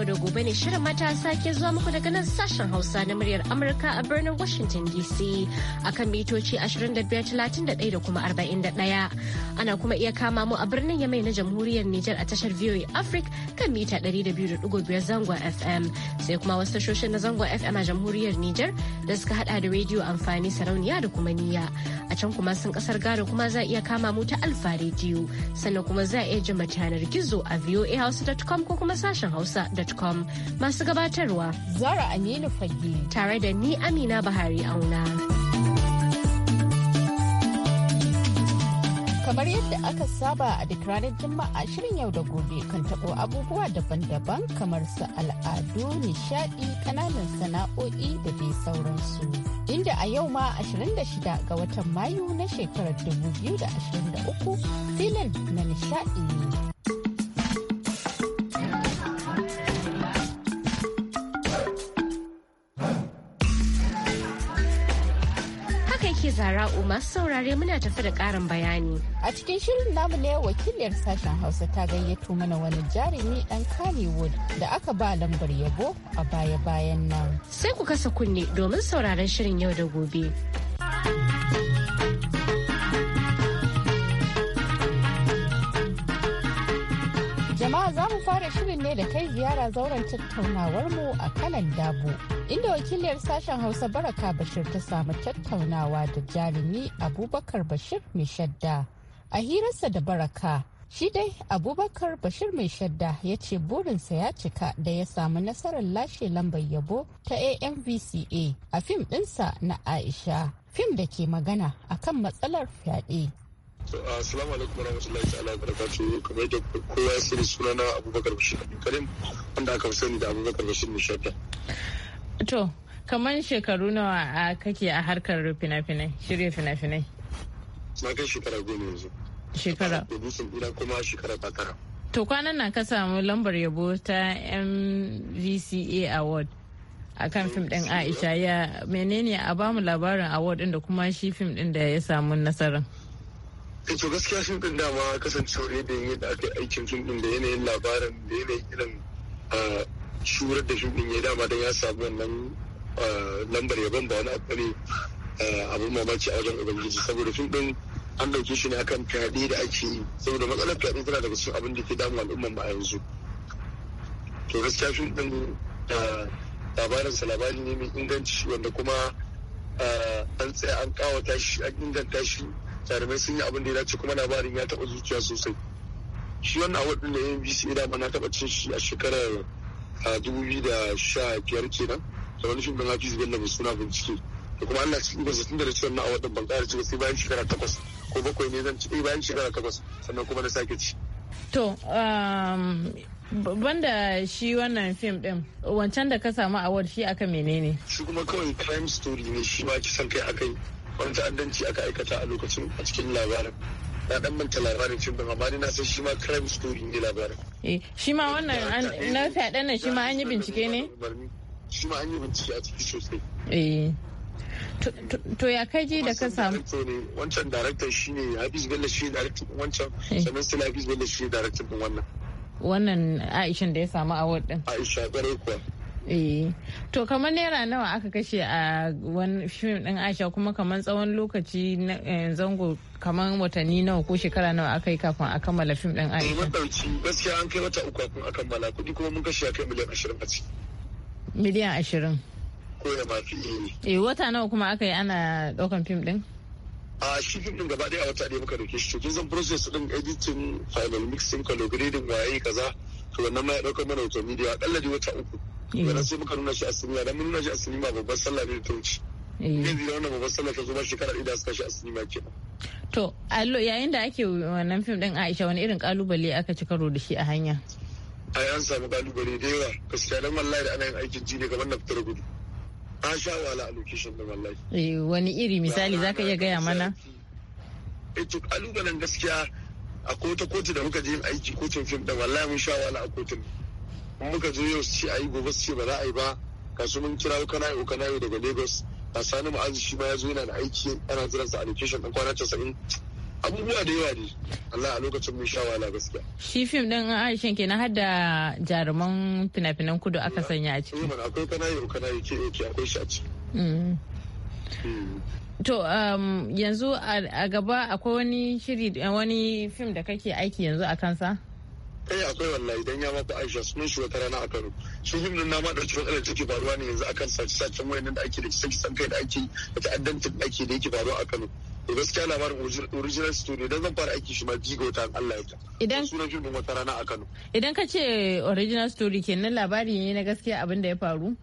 yau da gobe ne shirin matasa ke zuwa muku daga nan sashen Hausa na muryar Amurka a birnin Washington DC akan mitoci 2531 da kuma 41. Ana kuma iya kama mu a birnin Yamai na Jamhuriyar Nijar a tashar VOA Africa kan mita 200.5 zangon FM sai kuma wasu tashoshin na zangon FM a jamhuriyar Nijar da suka hada da rediyo amfani sarauniya da kuma niya. A can kuma sun kasar gado kuma za iya kama mu ta Alfa rediyo sannan kuma za iya jima yanar gizo a voahouse.com ko kuma sashen hausa.com masu gabatarwa. Zara Aminu Fagi. Tare da ni Amina Bahari Auna. Kamar yadda aka saba a duk ranar Juma'a shirin yau da gobe kan taɓo abubuwa daban-daban kamar su al'adu, nishaɗi, ƙananan sana'o'i da dai sauransu. Inda a yau ma 26 ga watan Mayu na shekarar 2023 filin na nishaɗi ne. Zara'u masu saurare muna tafi da ƙarin bayani. A cikin shirin namu ne wakiliyar sashen Hausa ta gayyato mana wani jarumi ɗan Kannywood da aka ba lambar yabo a baya-bayan nan. Sai ku kasa kunne domin sauraron shirin yau da gobe. amma za mu fara shirin ne da kai ziyara zauren tattaunawarmu a kanan dabu inda wakiliyar sashen hausa baraka bashir ta samu tattaunawa da jarumi abubakar bashir mai shadda a hirarsa da baraka shi dai abubakar bashir mai shadda ya ce burinsa ya cika da ya samu nasarar lashe lambar yabo ta amvca a fim ɗinsa na aisha fim da ke magana akan matsalar fyaɗe Assalamu alaikum wa warahmatullahi ta'ala barakatu kamar da kowa ya sani sunana Abubakar Bashir Karim wanda aka fi sani da Abubakar Bashir Nishata. To, kamar shekaru nawa kake a harkar fina-finai, shirya fina-finai? Na kai shekara goma yanzu. Shekara? busan ina kuma shekara takara. To kwanan na ka samu lambar yabo ta MVCA Award a kan fim ɗin Aisha ya menene a bamu labarin award ɗin da kuma shi fim ɗin da ya samu nasarar. Ka eh, to gaskiya fim din dama kasancewar yadda yadda aka yi aikin fim din da yanayin labarin da yanayin irin ah, shurar da fim din ya dama don ya samu wannan ah, lambar yaban da wani abu ne ah, abin mamaki a wajen ubangiji saboda fim din an dauke shi ne akan fyaɗe da ake yi saboda matsalar fyaɗe tana daga cikin abin da ke damun al'umman ba a yanzu to gaskiya fim din sa labari ne mai inganci wanda kuma an tsaya an kawata shi an inganta shi jarumai sun yi abin da ya dace kuma labarin ya taɓa zuciya sosai shi wannan abu din da NBC da na taɓa cin shi a shekarar 2015 kenan da wani shugaban Hafiz Bello mai suna bincike da kuma Allah cikin ba tun da da cewa na award din ban ƙara ci sai bayan shekara takwas ko bakwai ne zan ci eh, bayan shekara takwas sannan kuma na sake ci. To, um, banda shi wannan fim din wancan da ka samu award shi aka menene? Shi kuma kawai crime story ne shi ba san kai aka yi. wani ta'addanci aka aikata a lokacin a cikin labarin na dan manta labarin cin ban amma na san shi ma crime story ne labarin eh shi ma wannan na fadan nan shi ma an yi bincike ne shi ma an yi bincike a ciki sosai eh to ya kai ji da ka samu wancan director shine Hafiz Bello shi director wancan eh. sannan sai Hafiz Bello shi director din wannan wannan aishin da ya samu award din Aisha gare kuwa eh to kamar naira nawa aka kashe a wani fim din aisha kuma kamar tsawon lokaci eh, zango kamar watanni nawa ko shekara nawa aka yi kafin a kammala fim din eh, aisha maɗauki gaskiya an kai wata uku kafin a kammala kuɗi kuma mun kashe kai miliyan ashirin a ciki miliyan ashirin ko da mafi eh. eh wata nawa kuma aka yi ana ɗaukan fim din a shi fim din gaba ɗaya a wata ɗaya muka dauke shi to kin zan process din editing final mixing color grading waye kaza to wannan ma ya ɗaukar mana hoton bidiyo akalla dai wata uku wannan eh. sai muka nuna shi a sinima dan mun nuna shi a sinima babban sallah ne da ta wuce ne eh. zira wannan babban sallah ta zo shekara ɗaya da suka shi a sinima ke to allo yayin da ake wannan fim din aisha wani irin kalubale aka ci karo da shi a hanya ai an samu kalubale da yawa gaskiya dan wallahi da ana yin aikin ji ne kamar na fitar gudu an sha wahala a location da wallahi eh, wani iri misali zaka iya gaya mana eh to kalubalen gaskiya a kota kotu da muka je yin aiki kotun fim da wallahi mun sha wala a kotun in muka zo yau su ce a yi gobe su ce ba za a yi ba kasu mun kira ukanayo ukanayo daga lagos a sani ma'azu shi ma ya zo yana da aiki ana jiran a location ɗan kwana casa'in abubuwa da yawa ne Allah a lokacin mun sha wala gaskiya. Shi fim din Aishan kenan har da jaruman fina-finan kudu aka sanya a ciki. Eh, akwai kanayi akwai kanayi ke ke akwai shi a ciki. Mm. Mm. To um, yanzu a gaba akwai wani shiri wani fim da kake aiki yanzu a kansa? Eh akwai wallahi idan ya mafi Aisha sunan shi wata rana a Kano. Shi fim din na ma cikin matsalar ciki faruwa ne yanzu a akan sace-sacen wayannan da ake da kisa kisan kai da ake da ta'addantin da ake da yake faruwa a Kano. To gaskiya labarin original story idan zan fara aiki shi ma jigo ta Allah ya ta. Idan sunan fim din wata rana a Kano. Idan ka ce original story kenan labari ne na gaskiya abin da ya faru?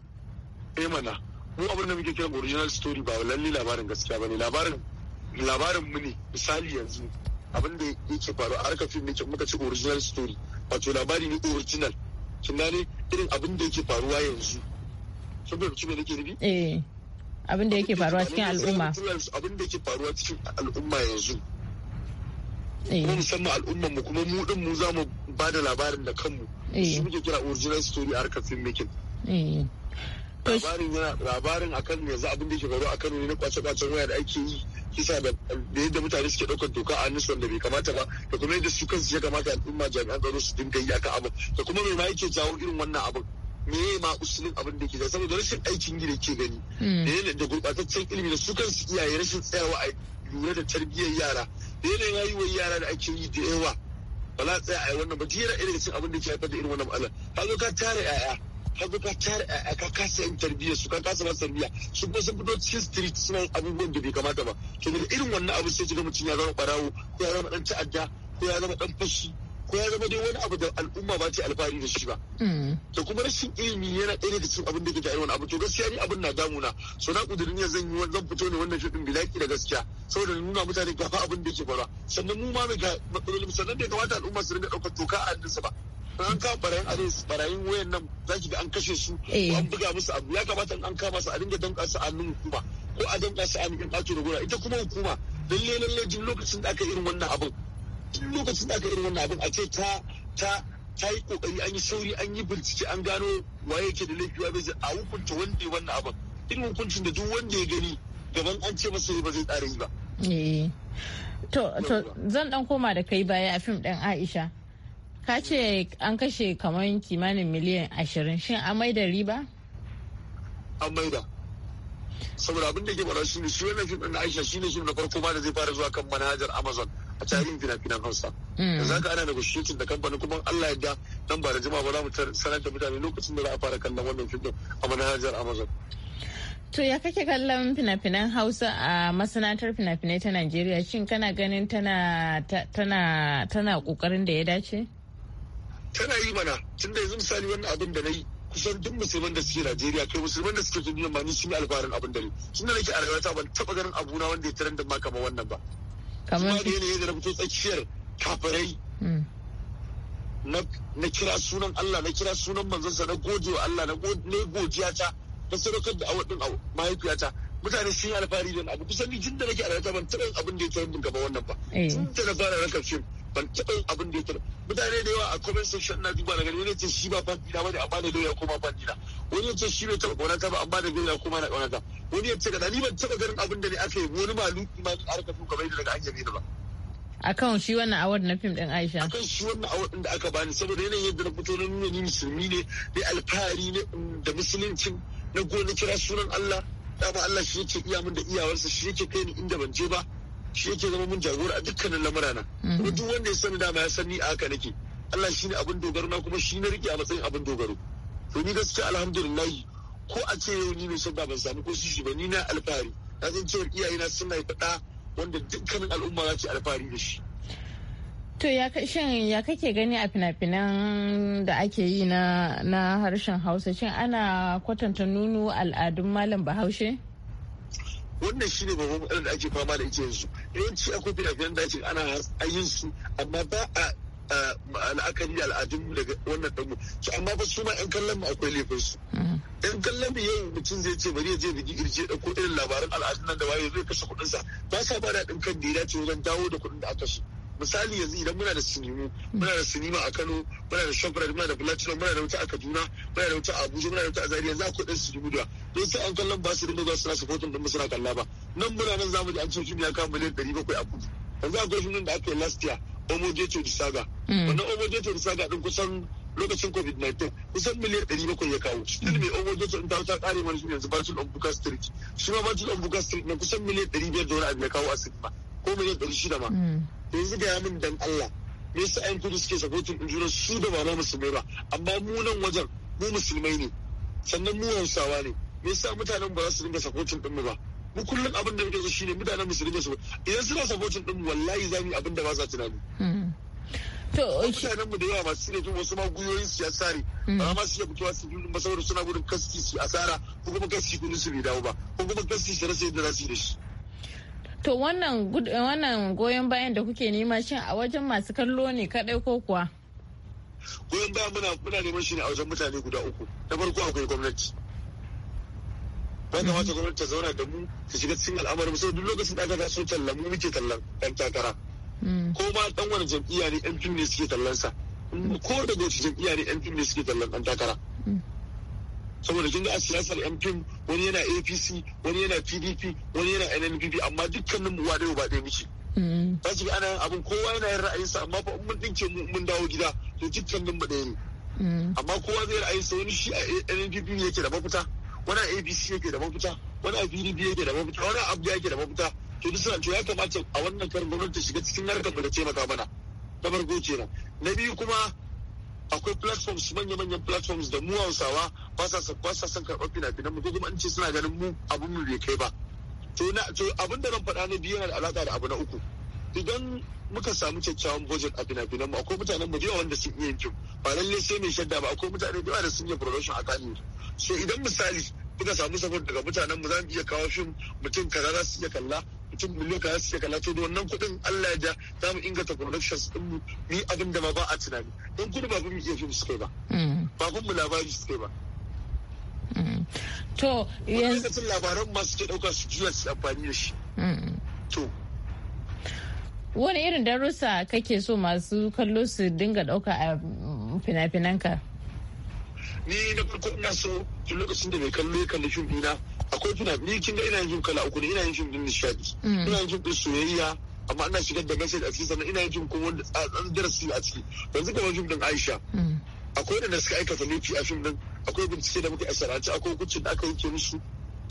Eh mana. mu abin da muke kira original story ba lalle labarin gaskiya bane labarin labarin mu ne misali yanzu abin da yake faru a harkar fim ne muka ci original story wato labari ne original kin gane irin abin da yake faruwa yanzu kin bai kime nake nufi eh abin da yake faruwa cikin al'umma abin da yake faruwa cikin al'umma yanzu kuma eh. musamman al'umman mu kuma mu din mu za mu ba da labarin da kanmu eh. shi muke kira original story a harkar filmmaking eh. labarin yana labarin akan yanzu abin da ke faru a Kano ne na kwace-kwacen waya da ake yi kisa da yadda mutane suke ɗaukar doka a hannun wanda bai kamata ba da kuma yadda su kansu ya kamata al'umma jami'an tsaro su dinga yi akan abin da kuma mai ma yake jawo irin wannan abin me ma usulin abin da ke da saboda rashin aikin gida ke gani hmm. da gurɓataccen ilimi da su kansu iyaye rashin tsayawa a lura da tarbiyyar yara da yanayin wa yara da ake yi da yawa ba za a tsaya a yi wannan ba jira irin cin abin da ke haifar da irin wannan matsalar ka zo ka tara 'ya'ya ka ka eh, eh, ka kasa interview su ka kasa masa biya su kuma sun fito cikin street suna abubuwan da bai kamata ba to da irin wannan abu sai ga mutum ya zama barawo ko ya zama dan ta'adda ko ya zama dan fashi ko ya zama dai wani abu da al'umma ba ta alfahari da shi ba. Da mm. kuma rashin ilimi yana ɗaya daga cikin abin da ke da wani abu to gaskiya ni abin na damuna so na kudirin ne zan yi zan fito ne wannan shirin bilaki da gaskiya saboda nuna mutane ga abin da ke faruwa sannan mu ma mai ga matsalolin sannan bai kamata al'umma su rinka ɗaukar toka a ba an ka barayin alis barayin wayan nan za ki ga an kashe su eh. an buga musu abu ya kamata an kama su a dinga danka su a hannun hukuma ko a danka su a hannun ɗakin da gona ita kuma hukuma lalle lalle duk lokacin da aka irin wannan abin duk lokacin da aka irin wannan abin a ce ta ta ta yi kokari an yi sauri an yi bincike an gano waye ke da laifi wa bai a hukunta wanda ya wannan abin irin hukuncin da duk wanda ya gani gaban an ce masa ba zai tsara yi ba. Eh. To, to zan dan koma da kai baya a fim ɗin Aisha. ka ce an kashe kamar kimanin miliyan ashirin shin an maida riba? an maida saboda abin da ke bara shi ne shi wannan fim na aisha shi ne shi na farko ma da zai fara zuwa kan manhajar amazon a tarihin fina-finan hausa hmm. yanzu haka ana negotiating da kamfanin kuma allah yadda nan ba da jima ba za mu sanar da mutane lokacin da za a fara kallon wannan fim a manhajar amazon To ya kake kallon fina-finan Hausa a masana'antar fina-finai ta Najeriya shin kana ganin tana tana tana kokarin da ya dace? tana yi mana tun da yanzu misali wannan abin da na yi kusan duk musulman da suke Najeriya kai musulman da suke duniya ma ni shi ne alfaharin abin da ne tun da nake a rayuwata ban taba ganin abu na wanda ya tarar da ma kamar wannan ba kamar da yanayi da na fito tsakiyar kafirai mm. na kira sunan Allah na kira sunan manzansa na gode wa Allah na godiya ta na sadaukar da awadin mahaifiyata mutane sun yi alfahari da abu kusan ni tun da nake alfahari ban taɓa abin da ya taɓa gaba wannan ba eh. tun da na fara ranka fim ban taɓa abin da ya taɓa mutane da yawa a comment section na duba daga wani ce shi ba fanti na bane amma da dole ya koma fanti na wani ce shi bai taɓa ƙaunata ba amma da dole ya koma na ƙaunata wani ya ce ka ni ban taɓa ganin abin da ne aka yi wani maluki ma a harkar kamar yadda daga an yabe da ba akan shi wannan award na fim din Aisha akan shi wannan award din da aka bani saboda yanayin yadda na fito na nuna ni musulmi ne ne alfahari ne da musuluncin na gona kira sunan Allah Da ba Allah shi yake iya min da iyawarsa shi yake kai ni inda ban je ba shi yake zama mun jagora a dukkanin lamurana mhm. kuma duk wanda ya sani ma ya sani a haka nake Allah shi ne abin dogaro na kuma shi ne rike a matsayin abin dogaro to ni gaskiya alhamdulillah ko a ce yau ni ne sabba ban samu ko shi ba ni na alfahari na san cewa iyayena suna faɗa wanda dukkanin al'umma za ta alfahari da shi To ya shin ya kake gani a fina-finan da ake yi na, na harshen Hausa shin ana kwatanta nunu al'adun malam Bahaushe? Wannan shi ne babban matsalar da ake fama da ita yanzu. Yawanci akwai fina-finan da ake ana yin su amma ba a la'akari da al'adun daga wannan ɗan Su amma ba su ma 'yan kallon mu akwai laifin su. 'Yan mm. kallon mu yau mutum zai ce bari ya je bigi irje ko irin labaran al'adun nan da waye zai kashe kuɗinsa. Ba sa ba da ɗin kan da ya dace wajen dawo da kuɗin da aka shi. misali yanzu idan muna da sinimu hmm. muna da sinima a Kano muna da Shoprite muna da Platinum muna da wuta a Kaduna muna da wuta a Abuja muna da wuta a Zaria yanzu akwai ɗan sinimu da don sai an kallon ba su dinga zuwa suna supporting din suna kalla ba nan muna nan mu ji an ce shi ya kama miliyan bakwai a kudu yanzu akwai filin da aka yi last year di saga. Hmm. wannan di saga din kusan lokacin covid-19 kusan miliyan bakwai ya kawo ne mai omo in ta ta kare mana shi yanzu battle of buga street shi ma battle of buka street na kusan miliyan biyar da wani abu ya kawo a sinima ko miliyan ɗari shida ma hmm. yanzu ga min dan Allah me yasa ayan kudu suke sakotin injunan su da ba na musulmai ba amma mu nan wajen mu musulmai ne sannan mu hausawa ne me yasa mutanen ba za su dinga sakotin ɗinmu ba mu kullum abin da muke so shine mutanen musulmai su idan suna sakotin ɗinmu wallahi za mu yi abin da ba sa tunani. Hmm. To eh, mutanen mu da yawa masu ne wasu ma guyoyin su ya sare hmm. ba ma su iya fitowa su yi ba suna gudun kaski su asara ko kuma kaski kudu su bai dawo ba ko kuma kaski su rasa yadda za su yi da shi. to wannan eh, wannan goyon bayan da kuke nema shin a wajen masu kallo ne kadai ko kuwa goyon bayan muna muna neman shi ne a wajen mutane guda uku na farko akwai gwamnati ba wata mhm. gwamnati ta zauna da mu ta shiga cikin al'amarin mu sai duk lokacin da aka ga so tallan mu muke tallan ɗan takara mhm. ko ma dan wani jam'iyya ne yan fim ne suke tallansa? Mhm. ko da gobe jam'iyya ne yan fim ne suke tallan ɗan takara saboda kin ga a siyasar yan wani yana apc wani yana pdp wani yana nnpp amma dukkanin mu wadai ba ɗaya muke ba mm. su ana yin abin kowa yana yin ra'ayinsa amma fa mun dinke mun dawo gida to dukkanin mu ɗaya ne mm. amma kowa zai ra'ayinsa wani shi a nnpp yake da mafita wani a apc yake da mafita wani a pdp yake da mafita wani a abda yake da mafita to duk to ya kamata a wannan karin gwamnati shiga cikin harkar da taimaka mana na farko kenan na biyu kuma akwai platforms manya-manyan platforms da mu hausawa ba sa son karɓar fina-finan mu ko kuma an ce suna ganin mu abin mu bai kai ba to abin da zan faɗa ne biyu yana da alaƙa da abu na uku idan muka samu kyakkyawan budget a fina-finan mu akwai mutanen mu da yawa wanda sun iya yankin ba lallai sai mai shadda ba akwai mutane da yawa da sun yi production a kanu so idan misali muka samu safar daga mutanen mu za mu iya kawo fim mutum kaza za su iya kalla mutum miliyan kaza suke kala to wannan kuɗin Allah ya ja za mu inganta productions din mu ni abin da ma ba a tunani don kudu ba mu iya fi su kai ba mm. ba mu labari su kai ba mm. to yanzu labaran masu ke dauka su juya su amfani da shi mm. to wani irin darussa kake so masu kallo su dinga dauka a fina-finanka ni na farko ina so tun lokacin da mai kallo ya kalli shi akwai fina ni kin ga ina yin fim kala uku ne ina yin jin din nishadi mm. ina yin fim din soyayya amma ina shigar da gashi a cikin sannan ina yin fim kuma wanda tsan darasi a ciki yanzu kamar fim din Aisha mm. akwai da suka aikata laifi a fim din akwai bincike da muka a shara'ance akwai hukuncin da aka yanke musu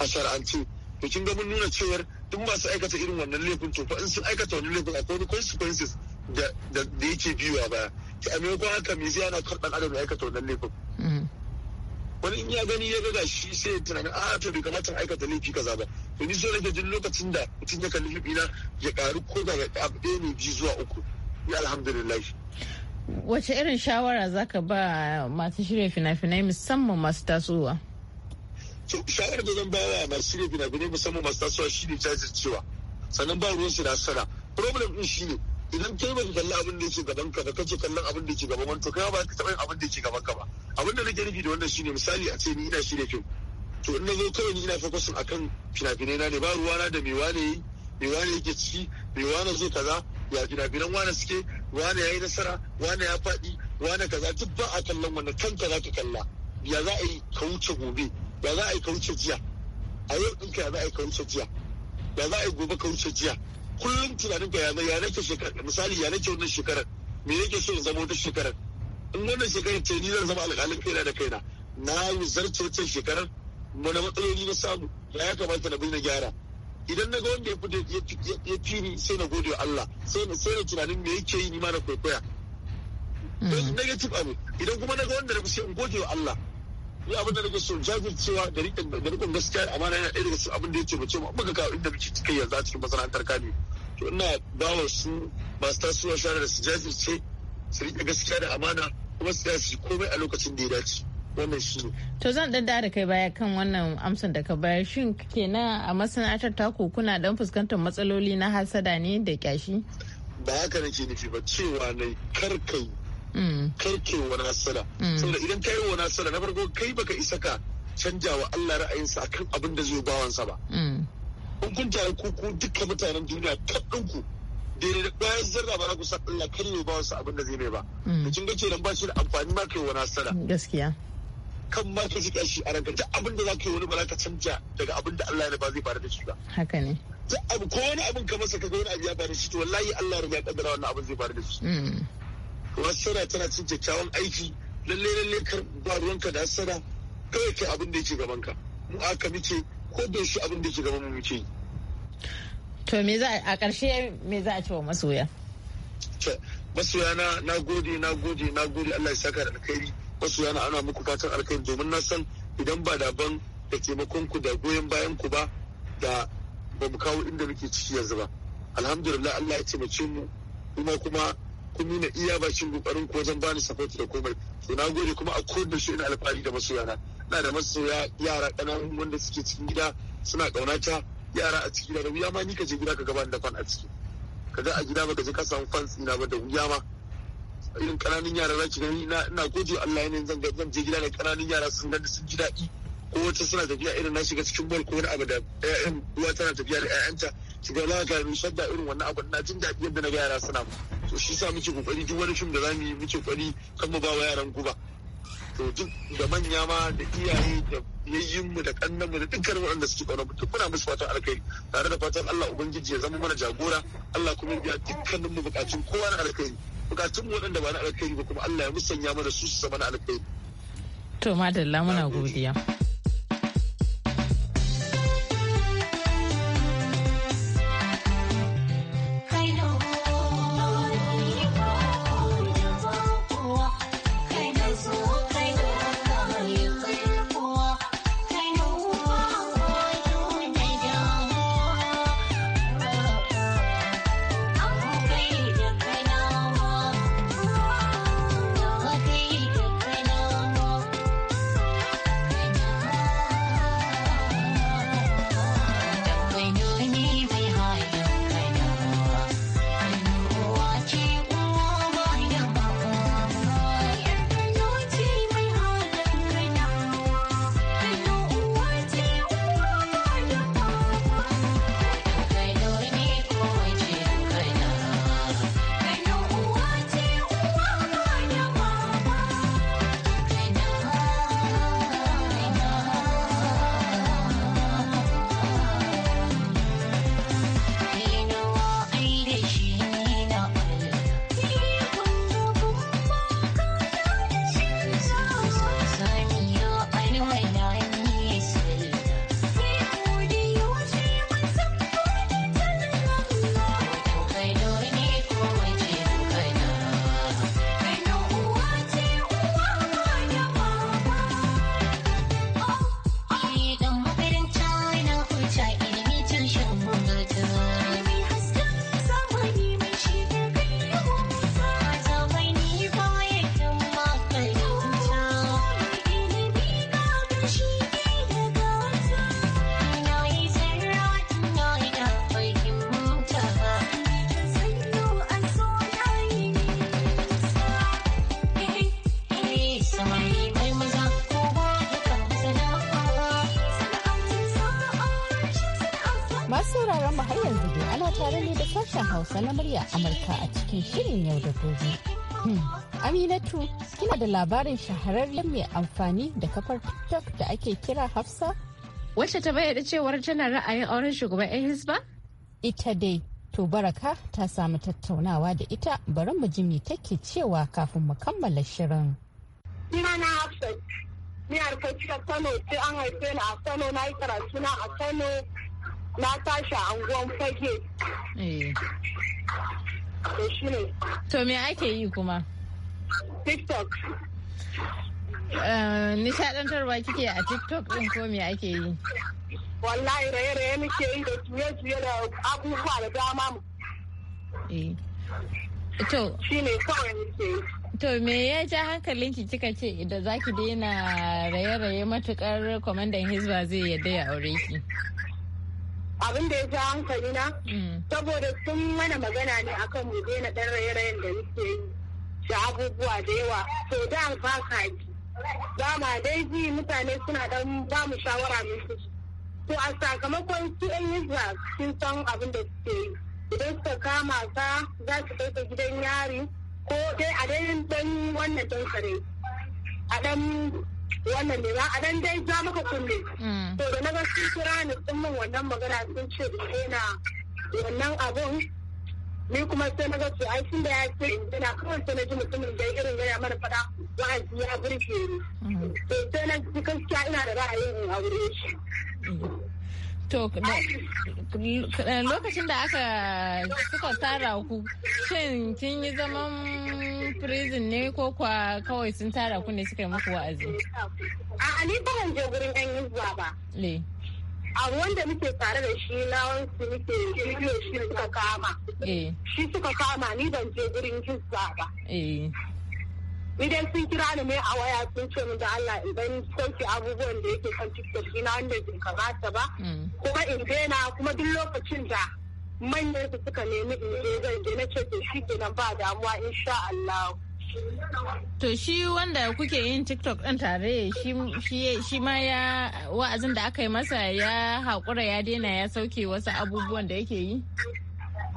a shara'ance to kin ga mun nuna cewar duk masu aikata irin wannan laifin to fa in sun aikata wannan laifin akwai wani consequences da da yake biyuwa baya ta amma maimakon haka me zai ana karɓar adam ya aikata wannan laifin mm. wani in ya gani ya ga shi sai tunanin a ah, to bai kamata aikata laifi kaza ba to ni so rage duk lokacin da mutum ya kalli laifi na ya karu ko da abu ɗaya ne biyu zuwa uku ya alhamdulillah wace irin shawara zaka ba masu shirya fina-finai musamman masu tasowa shawarar da zan bayar masu shirya fina-finai musamman masu tasowa shine cewa sannan ba ruwan su da sana problem din shine idan kai baki kalli abin da yake gaban ka da kake kallon abin da yake gaban wani to kai ba ka taɓa yin abin da yake gaban ka ba abin da nake nufi da wannan shine misali a ce ni ina shirya fim to in na zo kawai ni ina focusin akan fina-finai na ne ba ruwa na da wane yi me wane yake ciki me wane zai kaza ya fina-finan wane suke wane ya yi nasara wane ya faɗi wane kaza duk ba a kallon wannan kanka za ka kalla ya za a yi ka wuce gobe ya za a yi ka wuce jiya a yau ɗinka ya za a yi ka wuce jiya ya za a yi gobe ka wuce jiya kullum tunanin ka ya nake shekara misali ya nake wannan shekarar me yake so zama wata shekarar in wannan shekarar ce ni zan zama alƙalin kaina da kaina na yi zarce wacce shekarar Mana matsaloli na samu da ya kamata na bi na gyara idan na ga wanda ya fito ya fi ni sai na gode wa Allah sai na sai na tunanin me yake yi ni ma na kwaikwaya mm. negative abu idan kuma na ga wanda na fi sai in gode wa Allah ni abin da nake so jajircewa da rikon gaskiya amana yana ɗaya daga cikin abin da ya ce mace mu muka kawo inda muke cikin yanzu a cikin masana'antar kami to ina wa su masu tasowa shara da su jajirce su rike gaskiya da amana kuma su yi komai a lokacin da ya dace wannan shi ne. To zan dan da kai baya kan wannan amsan da ka bayar shin kenan a masana'antar taku kuna dan fuskantar matsaloli na hasada ne da kyashi? Ba haka nake nufi ba cewa ne karkai. Mm. karke wa nasala mm. saboda idan ka yi wa nasara na farko kai baka isa ka canja wa Allah ra'ayinsa akan abin da zai bawansa ba mm. kun kun tare ku ku duka mutanen duniya kaɗan ku daidai da bayan zarra ba na ku san Allah kan ne bawansa abin da zai mai ba da kin gace kenan ba shi da amfani ma kai wa nasara gaskiya kan ma ka jika shi a ranka duk abin da za ka yi wani ba za ka canja daga abin da Allah ya ba zai fara da shi ba. Haka ne. Ko wani abin ka masa ka ga wani abu ya fara da shi to wallahi Allah ya riga kaddara wannan abin zai fara da shi. hassada tana cin kyakkyawan aiki lalle lalle kar ba ruwanka da hasara kawai ke abin da yake gaban ka mu aka muke ko da shi abin da yake gaban mu muke to me za a karshe me za a ce wa masoya masoya na na gode na gode na gode Allah ya saka da alkhairi masoya na ana muku fatan alkhairi domin na san idan ba daban da taimakon ku da goyon bayan ku ba da ba mu kawo inda muke ciki yanzu ba alhamdulillah Allah ya taimake mu kuma kuma kun nuna iya bakin kokarin ko zan bani support da komai to na gode kuma a da shi ina alfahari da masoyana ina da masoya yara ƙananun wanda suke cikin gida suna ƙaunata yara a cikin gida da wuya ma ni ka je gida ka gaba da fan a ciki kaga a gida baka je ka samu fans ina ba da wuya ma irin ƙananun yara za ki gani ina gode Allah yanayin zan zan je gida da ƙananun yara sun ga sun ji daɗi ko wata suna tafiya irin na shiga cikin bol ko wani abu da ƴaƴan eh, uwa tana tafiya da ƴaƴanta shiga lalata mu shadda irin wannan abu na jin daɗi yadda na ga yara suna to shi sa muke kokari duk wani fim da za mu yi muke kokari kan mu ba wa yaran guba to duk da manya ma da iyaye da yayyin mu da kannan mu da dukkan waɗanda suke kauna mutum muna musu fatan alkhairi tare da fatan Allah ubangiji ya zama mana jagora Allah kuma ya biya dukkanin mu bukatun kowa na alkhairi bukatun waɗanda ba na alkhairi ba kuma Allah ya musanya mana su su zama na alkhairi to madalla muna godiya Abdu ana tare ne da sashen Hausa na murya Amurka a cikin shirin yau da gobe. Hmm. Aminatu, kina da labarin shahararren mai amfani da kafar TikTok da ake kira Hafsa? Wacce ta bayyana cewar tana ra'ayin auren shugaban 'yan Hisba? Ita dai, to baraka ta samu tattaunawa da ita bari mu ji me take cewa kafin mu kammala shirin. Ina na Hafsa, ni harkar Kano sai an haife ni a Kano na yi karatu na a Kano na tashi a unguwan fage eh. to shi ne to me ake yi kuma tiktok eh, nishadantarwa kike a tiktok ɗin ko me ake yi wallahi raye-raye muke yi da tuye-tuye da abubuwa da dama mu eh. to shi ne kawai muke yi To me ya ja hankalinki kika ce idan za ki daina raye-raye matukar kwamandan Hizba zai yadda ya aure ki? abin da ya ja hankali na mm. saboda sun mana magana ne akan mu daina dan raye-rayen da muke yi da abubuwa da yawa to da ba ka ji ba ma dai ji mutane suna dan ba mu shawara mun su to a sakamakon su yan yizra sun san abin da suke yi idan suka kama ka za su kai ka gidan yari ko dai a dai dan wannan dan kare a dan wannan ne a nan dai za maka kulle mm. to da na ga sun kira ni sun min wannan magana sun ce in daina wannan abun ni kuma sai na ga su ai sun da ya ce in daina kawai sai na ji mutumin da irin gaya mana fada wa'azi ya burge ni mm. to sai na ji gaskiya ina da ra'ayin in aure shi To lokacin da aka suka tara ku shin kin yi zaman prison ne ko kwa kawai sun tara ku ne suka yi muku wa'azi? A ni ba je gurin ɗan yuzwa ba. Le. A wanda muke tare da shi na wansu muke bidiyo shi suka kama. E. Shi suka kama ni ban je gurin yuzwa ba. E. idan sun kira ni ne a waya sun ce min da Allah idan sauke abubuwan da yake kan tiktok ina wanda bai kamata ba mm. kuma in daina kuma duk lokacin da manyan su suka nemi in je zan je na ce to shi kenan ba damuwa insha Allah To shi wanda kuke yin TikTok ɗin tare shi ma ya wa'azin da aka yi masa ya haƙura ya daina ya sauke wasu abubuwan da yake yi?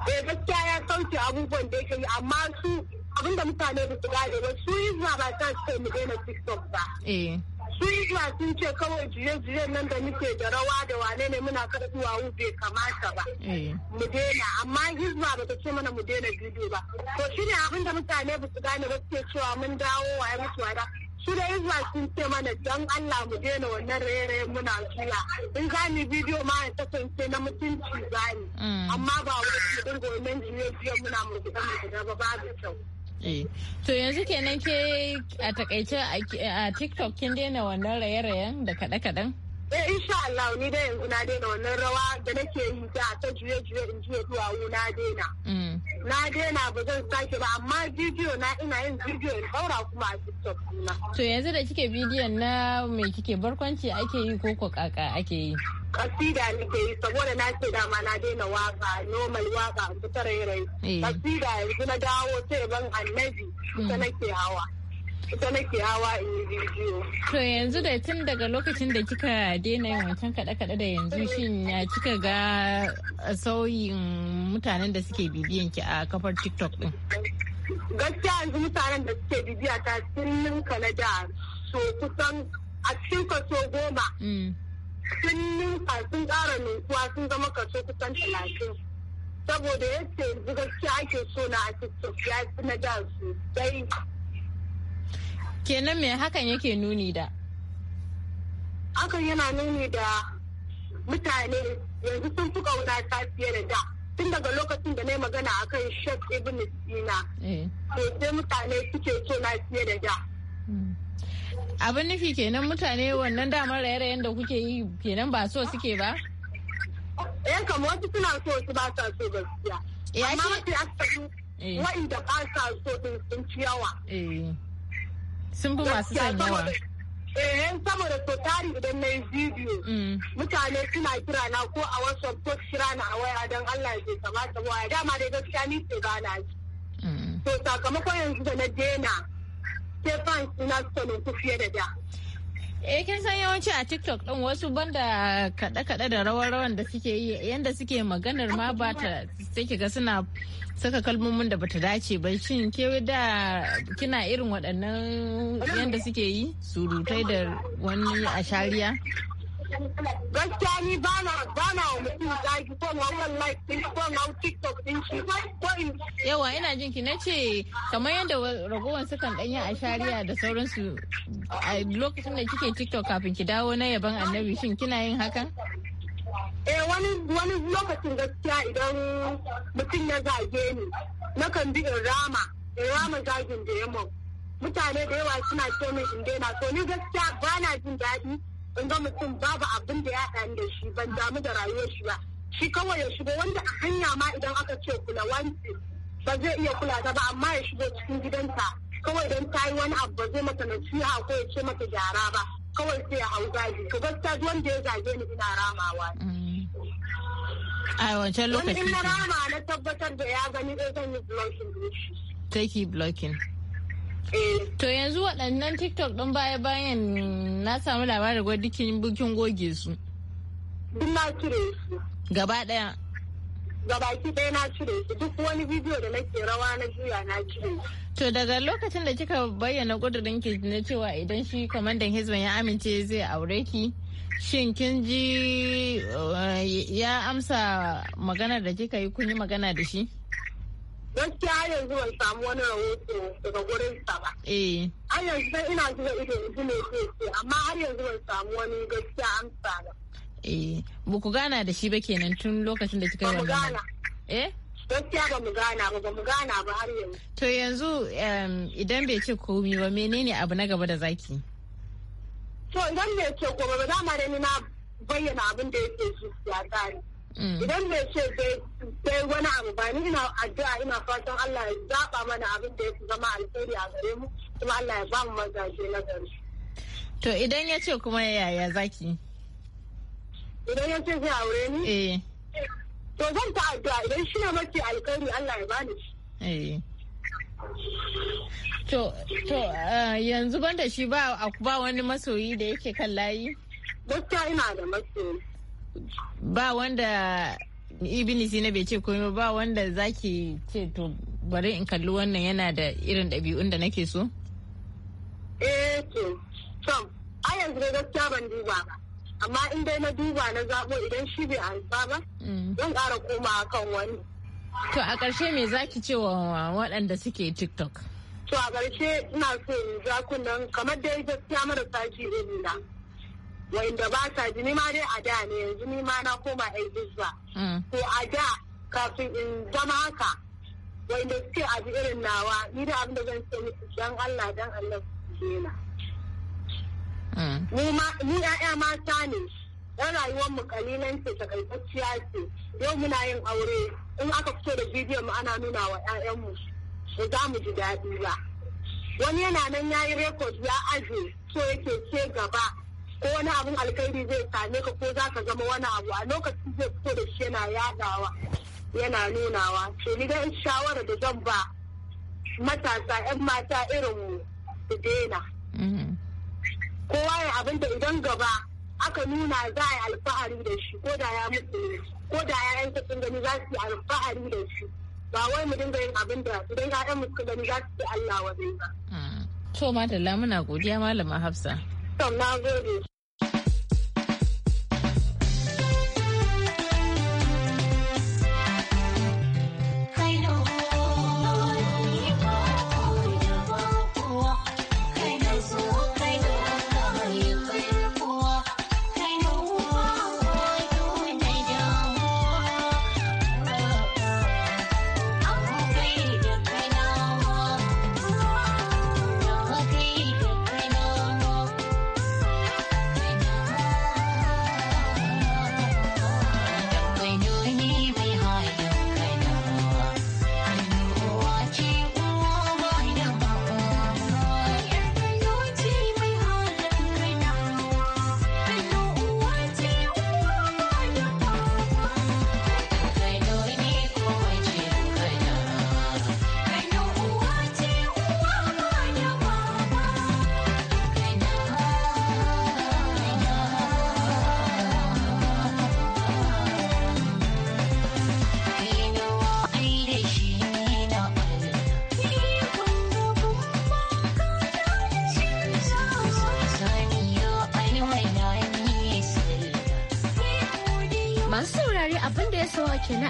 eh gaskiya ya kauce abubuwan da yake yi amma su abinda mutane ba su gane ba su yi zuwa ba ta su mu daina tiktok ba eh. su yi zuwa sun ce kawai jiye jiye nan da muke da rawa da wane ne muna karɓuwa wu bai kamata ba eh. mu daina amma hizba ba ta ce mana mu daina bidiyo ba to shine ne abinda mutane ba su gane ba suke cewa mun dawo waye mutuwa da su da izma sun ce mana don Allah mu daina wannan rere muna juya in za ni bidiyo ma ya kasance na mutunci za ni mm. amma ba wani dinga wannan juye-juye muna murguɗa murguɗa ba babu kyau. Eh. To yanzu kenan ke a takaice a TikTok kin daina wannan raye-rayen da kaɗe-kaɗen? eh insha Allah ni dai yanzu na daina wannan rawa da nake yi da ta juye juye in juye duwawu na daina mm. na daina ba zan sake ba amma bidiyo na ina yin bidiyo in daura kuma a TikTok na to yanzu da kike bidiyon na me kike barkwanci ake yi ko ko kaka ake yi kasida nake yi saboda na ce dama na daina waka normal waka a rairayi eh. kasida yanzu na dawo sai ban annabi ta mm. nake hawa ita nake hawa in yi bidiyo. To yanzu da tun daga lokacin da kika daina yin wancan kaɗe-kaɗe da yanzu shin ya kika ga sauyin mutanen da suke bibiyan ki a kafar TikTok din? Gaskiya yanzu mutanen da suke bibiya ta sun ninka na da so kusan a cikin kaso goma. Mm. Sun ninka sun ƙara ninkuwa sun zama kaso kusan talatin. Saboda yadda yanzu gaskiya ake so na a TikTok ya fi na da sosai. kenan me hakan yake nuni da hakan yana nuni da mutane yanzu sun fi kauna ta fiye da da tun daga lokacin da na yi magana a kan shek ibn sina eh. sai mutane suke so na fiye da da hmm. abin nufi kenan mutane wannan damar raye-rayen da kuke yi kenan ba so suke ba yan eh, kama wasu suna so su ba sa so gaskiya amma mafi eh. wa'in da ba sa so din sun ci yawa sun fi masu sanyawa eh saboda so tari idan na yi bidiyo mm. mutane suna kira na ko a wasu ko kira na a waya don allah ya kamata waya dama dai gaskiya ni ce ba na mm. to sakamakon yanzu da na dena sai fans suna suka nufi fiye da da Eh kin san yawanci a TikTok din wasu banda kaɗe-kaɗe da rawa rawan da suke yi yanda suke maganar ma ba ta take ga suna saka kalmomin da bata dace ba shin ke da kina irin waɗannan yanda suke yi surutai da wani a shariya. gaskiya ni ba na ba na wa mutum zagi ko na wannan live din ko na tiktok din shi ko in yawa ina jin ki nace kamar yadda ragowan sukan dan yi ashariya da sauransu a lokacin da kike tiktok kafin ki dawo na yaban annabi shin kina yin hakan eh wani wani lokacin gaskiya idan mutum ya zage ni nakan bi in rama in rama zagin da yamma mutane da yawa suna so min in daina so ni gaskiya ba na jin daɗi in ga mutum babu abin da ya haɗa da shi ban damu da rayuwar shi ba shi kawai ya shigo wanda a hanya ma idan aka ce kula wanti ba zai iya kula ta ba amma ya shigo cikin gidanta kawai don ta yi wani abu ba zai mata nasiha ko ya ce mata gyara ba kawai sai ya hau gaji ka gaskiya wanda ya zage ni ina ramawa mm. ai wancan lokaci wani in na rama na tabbatar da ya gani zai eh, zan yi blocking take blocking To yanzu waɗannan TikTok ɗin baya-bayan na samu labarin gwadikin bukin goge su. Duk na cire su. Gaba ɗaya. Gabaki ɗaya na cire su duk wani bidiyo da nake rawa na juya na cire su. To daga lokacin da kika bayyana ƙudurin ki na cewa idan shi kwamandan Hizban ya amince zai aure ki. Shin kin ji eh, ya amsa maganar da kika yi kun yi magana da shi? gaskiya yanzu ban samu wani rahoto daga gurin sa ba. Eh. Har yanzu sai ina zuwa ido ido ne ce amma har yanzu ban samu wani gaskiya amsa ba. Eh, ba ku gana da shi ba kenan tun lokacin da kika yi wannan. Eh? Gaskiya ba mu gana ba, ba mu gana ba har yanzu. To yanzu idan bai ce komi ba menene abu na gaba da zaki? To idan bai ce komi ba mu da ni na bayyana abin da yake zuciya ta ne. Mm. Idan bai ce sai wani abu ba ni ina addu'a ina fatan Allah ya zaba mana abin da ya fi zama alheri a gare mu kuma Allah ya ba mu mazaje na gari. To idan ya ce kuma yaya zaki? Idan ya ce zai aure ni? Eh. To zan ta addu'a idan shi na mace alkhairi Allah ya bani Eh. To, to eh, yanzu banda shi ba ba wani masoyi da yake kan layi? Gaskiya ina da masoyi. ba wanda ibini zina bai ce komai ba wanda zaki ce to bari in kalli wannan yana da irin ɗabi'un da nake so? eh to tom a yanzu da gaskiya ban duba ba amma in dai na duba na zabo idan shi bai alfa ba mm. zan ƙara koma kan wani to a ƙarshe me zaki ce wa waɗanda suke tiktok to a ƙarshe ina so in ja kunnan kamar dai gaskiya marasa ki irin na wa'inda ba sa ji ma dai a da ne yanzu ni ma na koma yan bizba mm. to a da kafin in zama haka wa'inda suke bi irin nawa ni da abin da zan ce musu dan Allah dan Allah su dena mm. ni ya'ya mata ne yan rayuwar mu kalilan ce takaitacciya ce yau muna yin aure in aka fito da bidiyon mu ana nuna wa mu ba za mu ji daɗi ba wani yana nan ya yi rekod ya aje so yake ce gaba ko wani abin alkhairi zai same ka ko za ka zama wani abu a lokacin zai fito da shi yana yadawa yana nunawa to ni dai shawara da zan ba matasa yan mata irin mu su daina mm-hmm. kowa ya abin da idan gaba aka nuna za a yi alfahari da shi ko da ya mutu ko da ya yanka sun gani za su yi alfahari da shi ba wai mu dinga yin abin da idan ya yan mutu gani za su yi Allah wa ba. Mm. To Madalla muna godiya Malama Hafsa. Hassan na gode.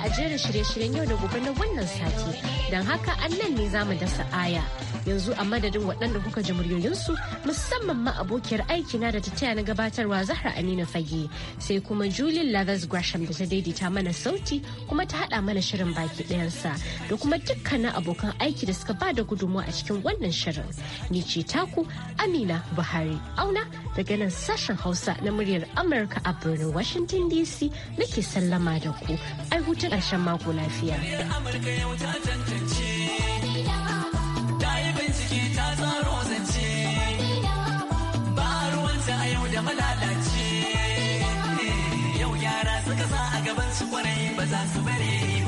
ajiyar jerin shirye-shiryen yau da gobe na wannan sati. Don haka an nan ne za mu dasa aya. yanzu a madadin waɗanda kuka ji muryoyinsu musamman ma abokiyar aikina da ta taya na gabatarwa zahra aminu fage sai kuma julian lathers gresham da ta daidaita mana sauti kuma ta haɗa mana shirin baki ɗayansa da kuma dukkanin abokan aiki da suka bada gudunmawa a cikin wannan shirin ni ce taku amina buhari auna daga nan sashen hausa na muryar amurka a birnin washington dc nake sallama da ku ai hutun ƙarshen mako lafiya. Amurka yau ya malalace eh, yau yara suka sa a gaban su kwarai ba za su bare